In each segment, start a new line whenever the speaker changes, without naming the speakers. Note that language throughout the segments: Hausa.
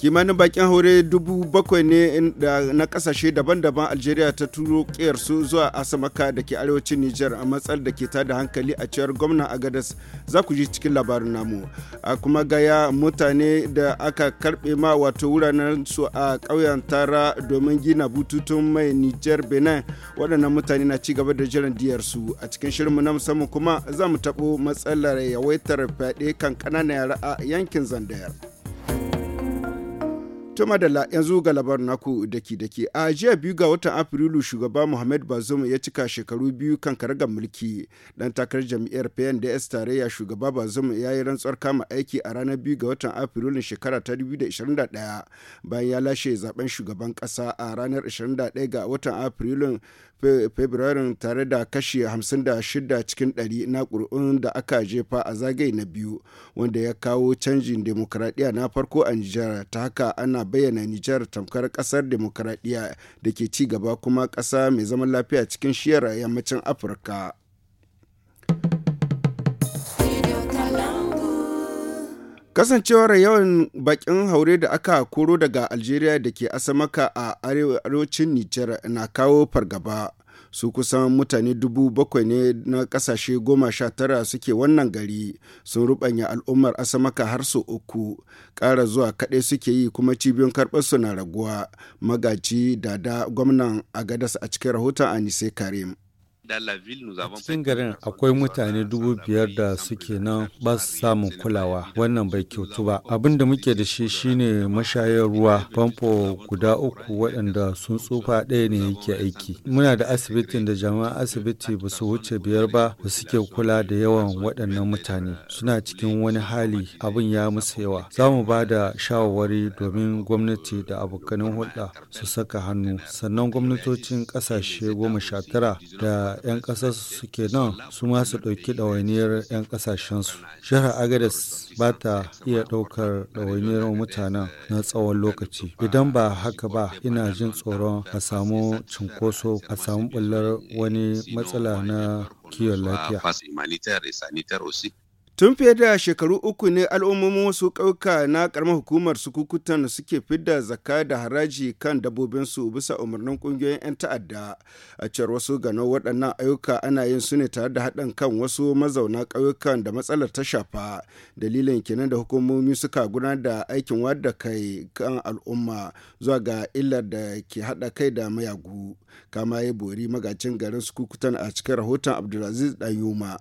kimanin bakin haure dubu bakwai ne na kasashe daban-daban algeria ta turo su zuwa asamaka da ke arewacin niger a matsar da ke tada hankali a cewar gwamna agadas za ku ji cikin labarin namu a kuma gaya mutane da aka karbe ma wato wuraren su a ƙauyen tara domin gina bututun mai niger benin waɗannan mutane na ci gaba da jiran diyarsu a cikin shirin mu na musamman kuma za mu taɓo matsalar yawaitar fyaɗe kan ƙananan yara a yankin zandayar. ta madalla yanzu ga labar naku daki daki a jiya biyu ga watan Afrilu shugaba Muhammad Bazoum ya cika shekaru biyu kan karagar mulki dan takarar jam'iyyar PNDS tarayya shugaba Bazoum ya yi rantsuwar kama aiki a ranar biyu ga watan afrilu shekara ta 2021 bayan ya lashe zaben shugaban kasa a ranar 21 ga watan afrilu. fabrairun tare da kashi 56 cikin 100 na ƙuri'un da aka jefa a zagaye na biyu wanda ya kawo canjin demokradiyya na farko a nijar ta haka ana bayyana nijar tamkar ƙasar demokradiyya da ke ci gaba kuma ƙasa mai zaman lafiya cikin shiyar yammacin afirka Kasancewar yawan bakin haure da aka koro daga Algeria da ke asamaka a arewacin Nijar na kawo fargaba. Su kusan mutane dubu bakwai ne na kasashe goma sha tara suke wannan gari sun rubanya al'ummar asamaka har su uku kara zuwa kaɗai suke yi kuma cibiyoyin su na raguwa magaji dada gwamnan gwamnan agadas a cikin rahoton anise karim
cikin garin akwai mutane dubu biyar da suke nan ba su samun kulawa wannan bai kyautu ba abin da muke da shi shine mashayar ruwa famfo guda uku waɗanda sun tsufa ɗaya ne yake aiki muna da asibitin da jama'a asibiti ba su wuce biyar ba da suke kula da yawan waɗannan mutane euh, suna cikin wani hali abin ya musu yawa za mu ba da shawarwari domin gwamnati da abokanin hulɗa su saka hannu sannan gwamnatocin ƙasashe goma sha tara da 'yan ƙasar su ke nan su ma su ɗauki ɗawainiyar 'yan su Jihar Agadez ba ta iya ɗaukar ɗawainiyar mutanen na tsawon lokaci. Idan ba haka ba ina jin tsoron a samu cinkoso a samu ɓullar wani matsala na kiwon lafiya.
Tun fiye da shekaru uku ne al'ummomin wasu ƙauka na ƙaramar hukumar sukukutan suke fidda zaka da haraji kan dabbobinsu bisa umarnin ƙungiyoyin 'yan ta'adda. A cewar wasu gano waɗannan ayyuka ana yin su ne tare da haɗin kan wasu mazauna ƙauyukan da matsalar ta shafa. Dalilin kenan da hukumomi suka gudanar da aikin wadda kai kan al'umma zuwa ga illar da ke haɗa kai da mayagu. Kama ya bori magacin garin sukukutan a cikin rahoton Abdulaziz dayuma.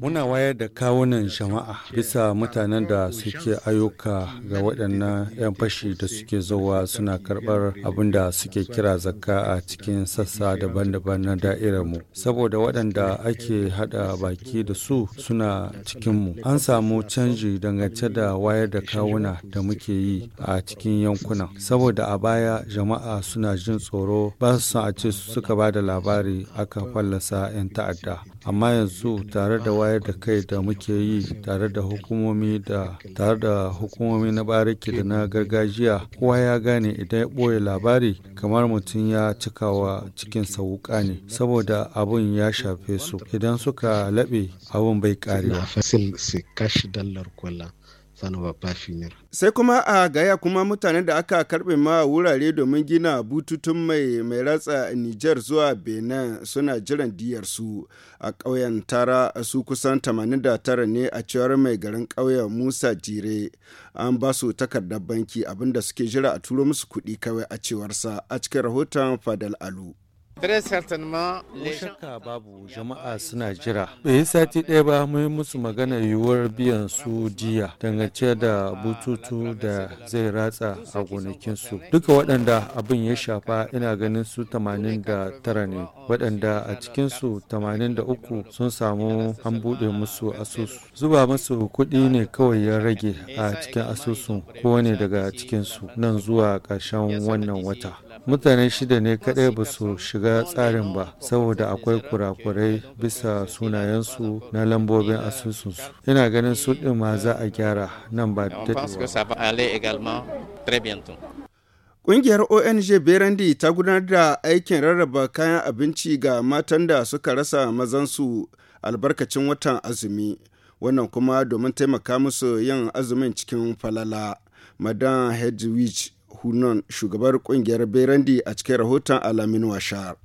Muna wayar da kawunan jama'a bisa mutanen da suke ayyuka ga waɗannan 'yan fashi da suke zuwa suna karɓar abin da suke kira zakka a cikin sassa daban-daban na mu, Saboda waɗanda ake haɗa baki da su suna cikinmu. An samu canji dangance da wayar da kawuna da muke yi a cikin yankuna. Saboda a baya jama'a suna jin tsoro ba su a ce suka ba da labari aka fallasa 'yan ta'adda. Amma yanzu tare da wayar da kai da muke yi tare da hukumomi da tare da hukumomi na bariki da na gargajiya kowa ya gane idan ya ɓoye labari kamar mutum ya cikawa cikin sauka ne saboda abun ya shafe su idan suka laɓe abun bai karewa. Sai
kuma a gaya kuma mutanen da aka karbe ma wurare domin gina bututun mai mai ratsa Nijar zuwa Benin suna jiran diyarsu a ƙauyen Tara su kusan 89 ne a cewar mai garin ƙauyen Musa Jire an ba su takardar banki abinda suke jira a turo musu kuɗi kawai a cewarsa a cikin rahoton Fadal
Alu. Ko shakka babu jama'a suna jira. Bai sati ɗaya ba mun yi musu magana yiwuwar biyan su jiya dangance da bututu da zai ratsa a gonakinsu. Duka waɗanda abin ya shafa ina ganin su 89 ne waɗanda a cikinsu 83 sun samu an buɗe musu asusu. Zuba musu kuɗi ne kawai ya rage a cikin asusun kowane daga cikinsu nan zuwa ƙarshen wannan wata. mutane shida ne kadai ba su shiga tsarin ba saboda akwai kurakurai bisa sunayensu na lambobin asusunsu ina ganin su ɗin ma za a gyara nan ba Ƙungiyar ONG berendi ta gudanar da
aikin rarraba kayan abinci ga matan da suka rasa mazansu albarkacin watan azumi, wannan kuma domin taimaka musu yin azumin cikin falala. Madan Hedwig hunon shugabar kungiyar berendi a cikin rahoton alamin washar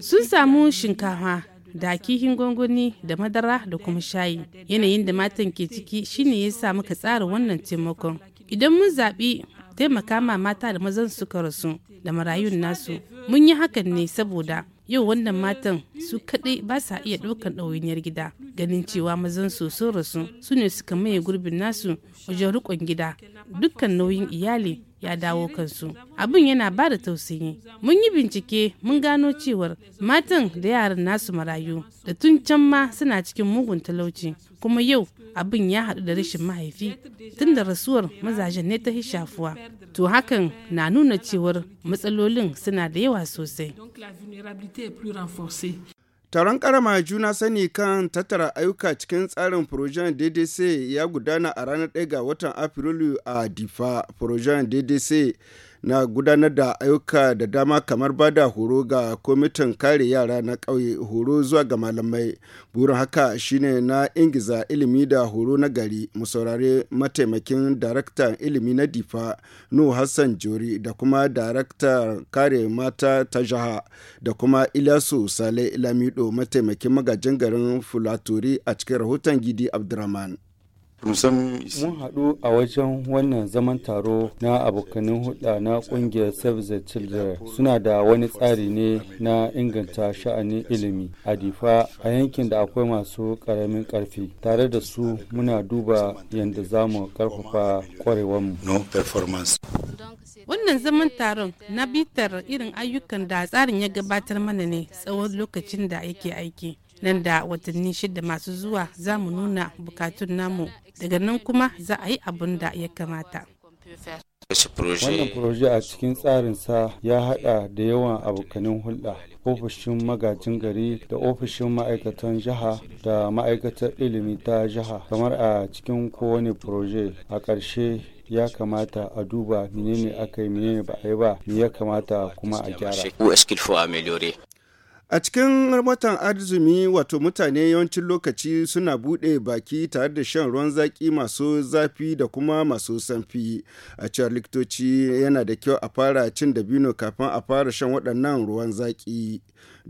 sun samu shinkafa da kihin gwangwani da madara da kuma shayi yanayin da matan ke ciki shine ya sa muka tsara wannan taimakon idan mun zaɓi taimaka ma mata da mazan suka rasu da marayun nasu mun yi hakan ne saboda yau wannan matan su kaɗai ba sa iya ɗaukar ɗawainiyar gida ganin cewa mazan su sun rasu su ne suka maye gurbin nasu wajen rikon gida dukkan nauyin iyali ya dawo kansu abin yana ba da tausayi mun yi bincike mun gano cewar matan da yaran nasu marayu da tun can ma suna cikin mugun talauci kuma yau abin ya haɗu da rashin mahaifi tun da rasuwar mazajen ne ta shafuwa to hakan na nuna cewar matsalolin suna da yawa sosai Taron karama juna
sani kan tattara ayyuka cikin tsarin Projan DDC ya gudana a ranar 1 ga watan Afrilu a Difa, Projan DDC na gudanar da ayyuka da dama kamar ba da horo ga kwamitin kare yara na ƙauye horo zuwa ga malamai burin haka shine na ingiza ilimi da horo na gari mu saurari mataimakin daraktan ilimi na difa nu hassan jori da kuma daraktan kare mata ta jiha da kuma ilyasu sale lamido mataimakin magajin garin fulaturi a cikin rahoton gidi abdurrahman
Mun haɗu a wajen wannan zaman taro na abokanin hulɗa na ƙungiyar Save the Children suna da wani tsari ne na inganta sha'anin ilimi a difa a yankin da akwai masu ƙaramin ƙarfi tare da su muna duba yadda za mu ƙarfafa ƙwarewarmu.
Wannan zaman taron na bitar irin ayyukan da tsarin ya gabatar mana ne tsawon lokacin da yake aiki. nan da watanni shida masu zuwa za mu nuna bukatun namu daga nan kuma za a yi abin da ya kamata
wannan proje a cikin tsarinsa ya hada da yawan abokanin hulɗa ofishin magajin gari da ofishin ma'aikatan jiha da ma'aikatar ilimi ta jiha kamar a cikin kowane proje a ƙarshe ya kamata a duba menene aka yi menene ba a yi ba ya kamata kuma a gyara A cikin watan azumi wato
mutane yawancin lokaci suna buɗe baki tare da shan ruwan zaki masu zafi da kuma masu sanfi. A cewar likitoci yana da kyau a fara cin dabino kafin a fara shan waɗannan ruwan zaki.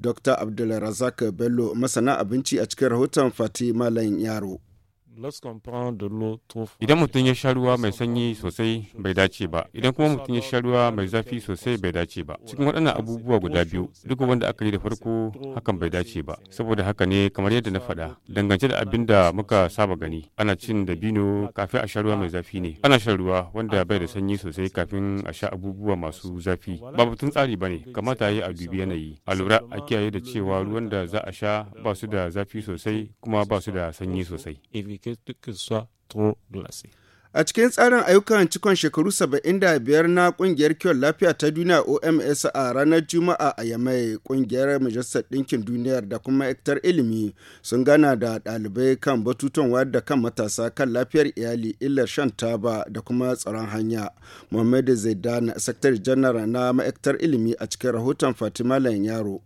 Dr. Abdulrazak Bello masana abinci a cikin rahoton Fatima Yaro.
Idan mutum ya sha ruwa mai sanyi sosai bai dace ba, idan kuma mutum ya sha ruwa mai zafi sosai bai dace ba. Cikin waɗannan abubuwa guda biyu, duk wanda aka yi da farko hakan bai dace ba. Saboda haka ne kamar yadda na faɗa, dangance da abin da muka saba gani, ana cin dabino kafin a sha ruwa mai zafi ne. Ana shan ruwa wanda bai da sanyi sosai kafin a sha abubuwa masu zafi. Ba tun tsari ba ne, kamata a yi a dubi yanayi. A lura a kiyaye da cewa ruwan da za a sha ba su da zafi sosai kuma ba su da sanyi sosai. sa trop glacé.
A cikin tsarin ayyukan cikon shekaru saba'in da biyar na kungiyar kiwon lafiya ta duniya OMS a ranar Juma'a a Yamai kungiyar Majalisar Ɗinkin Duniyar da kuma Ektar Ilimi sun gana da ɗalibai kan batutuwan da kan matasa kan lafiyar iyali illar shan taba da kuma tsaron hanya. Muhammadu Zaidan, Sakatare Janar na ma'aikatar Ilimi a cikin rahoton Fatima Lan Yaro.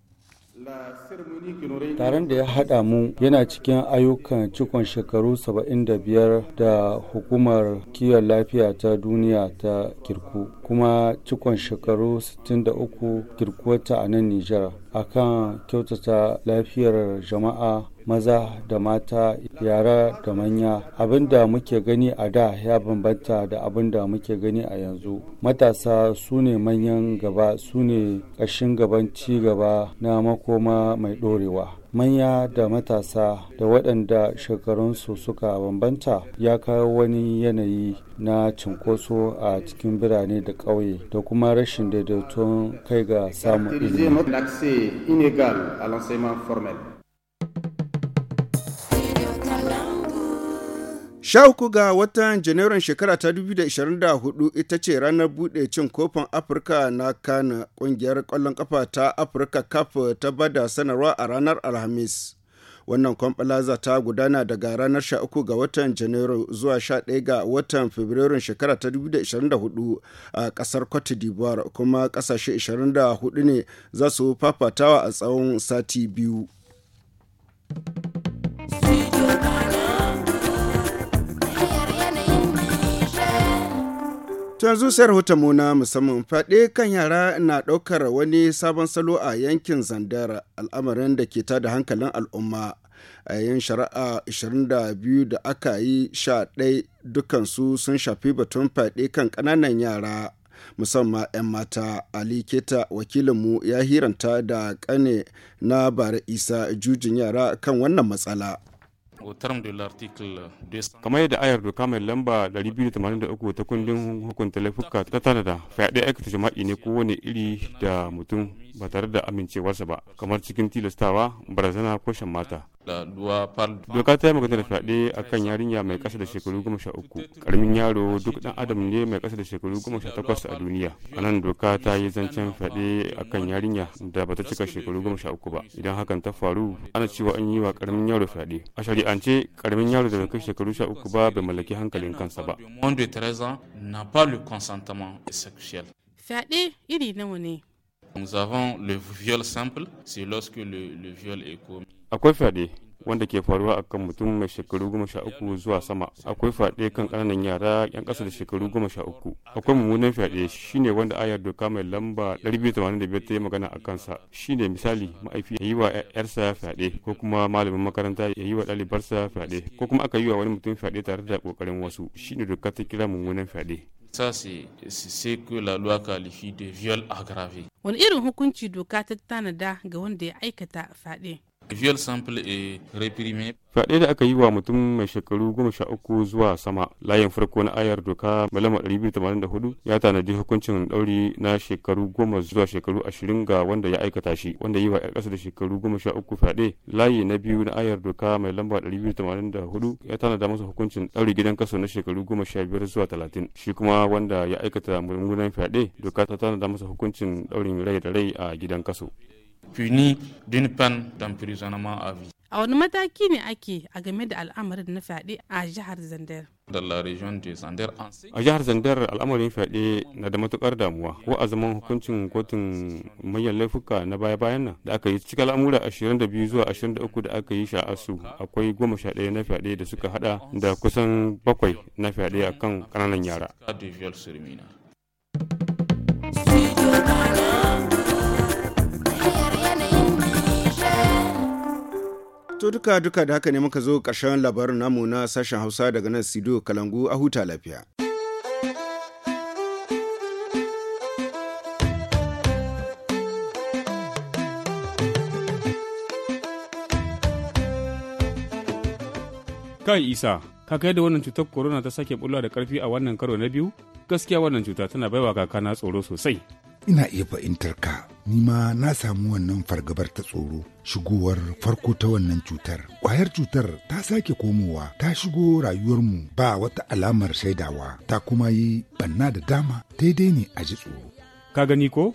Taron da ya haɗa mu yana cikin ayyukan cikon shekaru 75 da Hukumar Kiwon Lafiya ta Duniya ta Kirku. kuma cikon shekaru 63 girkuwarta a nan Nijar a kan kyautata lafiyar jama'a maza da mata yara da manya abin da muke gani a da ya bambanta da abinda muke gani a yanzu matasa su ne manyan gaba su ne ƙashin gaban ci gaba na makoma mai ɗorewa manya da matasa da waɗanda shekarunsu suka bambanta ya kawo wani yanayi na cinkoso a cikin birane da ƙauye da kuma rashin daidaiton kai ga samun ilimi.
Sha uku ga watan Janairun shekara ta 2024 ita ce ranar buɗe cin kofin Afirka na Kana ƙungiyar ƙwallon ƙafa ta Afirka Cup ta bada sanarwa a ranar Alhamis. Wannan kwamfalaza ta gudana daga ranar 13 ga watan Janairu zuwa 11 ga watan Fabrairun shekara ta 2024 a kasar Cote d'Ivoire kuma kasashe 24 ne za su fafatawa a tsawon sati biyu. Tun zuciyar mu na musamman faɗe kan yara na ɗaukar wani sabon salo a yankin Zandar al'amarin da ke tada hankalin al'umma a yayin shari'a 22 da aka yi 11 dukansu sun shafi batun faɗe kan ƙananan yara. musamman 'yan mata ali keta wakilinmu ya hiranta da kane na bara isa jujin yara kan wannan matsala
Uh, kamar yadda ayar doka mai lamba
283 ta kundin hukunta laifuka ta tanada fyaɗe aikata jima'i ne kowane iri da mutum ba tare da amincewarsa ba kamar cikin tilastawa barazana ko shan mata
doka
ta yi magana da fyaɗe a kan yarinya mai kasa da shekaru goma sha uku ƙaramin yaro duk ɗan adam ne mai kasa da shekaru goma sha takwas a duniya a nan doka ta yi zancen fyaɗe a kan yarinya da bata cika shekaru goma sha uku ba idan hakan ta faru ana cewa an yi wa ƙaramin yaro fyaɗe a shari'ance ƙaramin yaro da bai kai shekaru sha uku ba bai mallaki hankalin kansa ba.
Fyaɗe iri nawa ne?
Nous avons le viol simple, c'est lorsque le, viol est commis.
À quoi faire wanda ke faruwa akan mutum mai shekaru goma sha uku zuwa sama akwai fyaɗe kan ƙananan yara 'yan ƙasa da shekaru goma sha uku akwai mummunan fyaɗe shine wanda ayar doka mai lamba da biyar ta yi magana a kansa shine misali ma'aifi ya yi wa 'yarsa fyaɗe ko kuma malamin makaranta ya yi wa ɗalibarsa fyaɗe ko kuma aka yi wa wani mutum fyaɗe tare da ƙoƙarin wasu shine doka ta
kira mummunan fyaɗe Ça, c'est que la loi qualifie de viol aggravé.
Wani irin hukunci doka ta tanada ga wanda ya aikata fyaɗe?
Viol sample e reprimé
Fyaɗe da aka yi wa mutum mai shekaru goma sha uku zuwa sama layin farko na ayar doka malama hudu ya tanadi hukuncin ɗauri na shekaru goma zuwa shekaru ashirin ga wanda ya aikata shi wanda yi wa ƴar ƙasa da shekaru goma sha uku fyaɗe layi na biyu na ayar doka mai lamba hudu ya tanada masa hukuncin ɗauri gidan kaso na shekaru goma sha biyar zuwa talatin shi kuma wanda ya aikata mummunan fyaɗe doka ta tanada masa hukuncin ɗaurin rai
da rai a gidan kaso. puni d'une peine d'emprisonnement à vie.
A wani mataki ne ake a game da al'amarin na fyaɗe a jihar Zandar?
A jihar
Zandar al'amarin fyaɗe na da matukar damuwa ko a zaman hukuncin kotun manyan laifuka na baya-bayan nan da aka yi cikin al'amura 22 zuwa 23 da aka yi sha'asu akwai 11 na fyaɗe da suka hada da kusan bakwai na fyaɗe akan
kananan yara.
To duka duka da haka ne muka zo ƙarshen labarin namu na sashen Hausa daga nan Sido Kalangu a huta lafiya.
Kai Isa, kai da wannan cutar corona ta sake bulla da karfi a wannan karo na biyu? Gaskiya wannan cuta tana baiwa kakana tsoro sosai.
Ina iya fahimtar ka nima na samu wannan fargabar ta tsoro shigowar farko ta wannan cutar. Kwayar cutar ta sake komowa ta shigo rayuwarmu ba wata alamar shaidawa ta kuma yi banna da dama daidai ne a ji tsoro. Ka gani ko?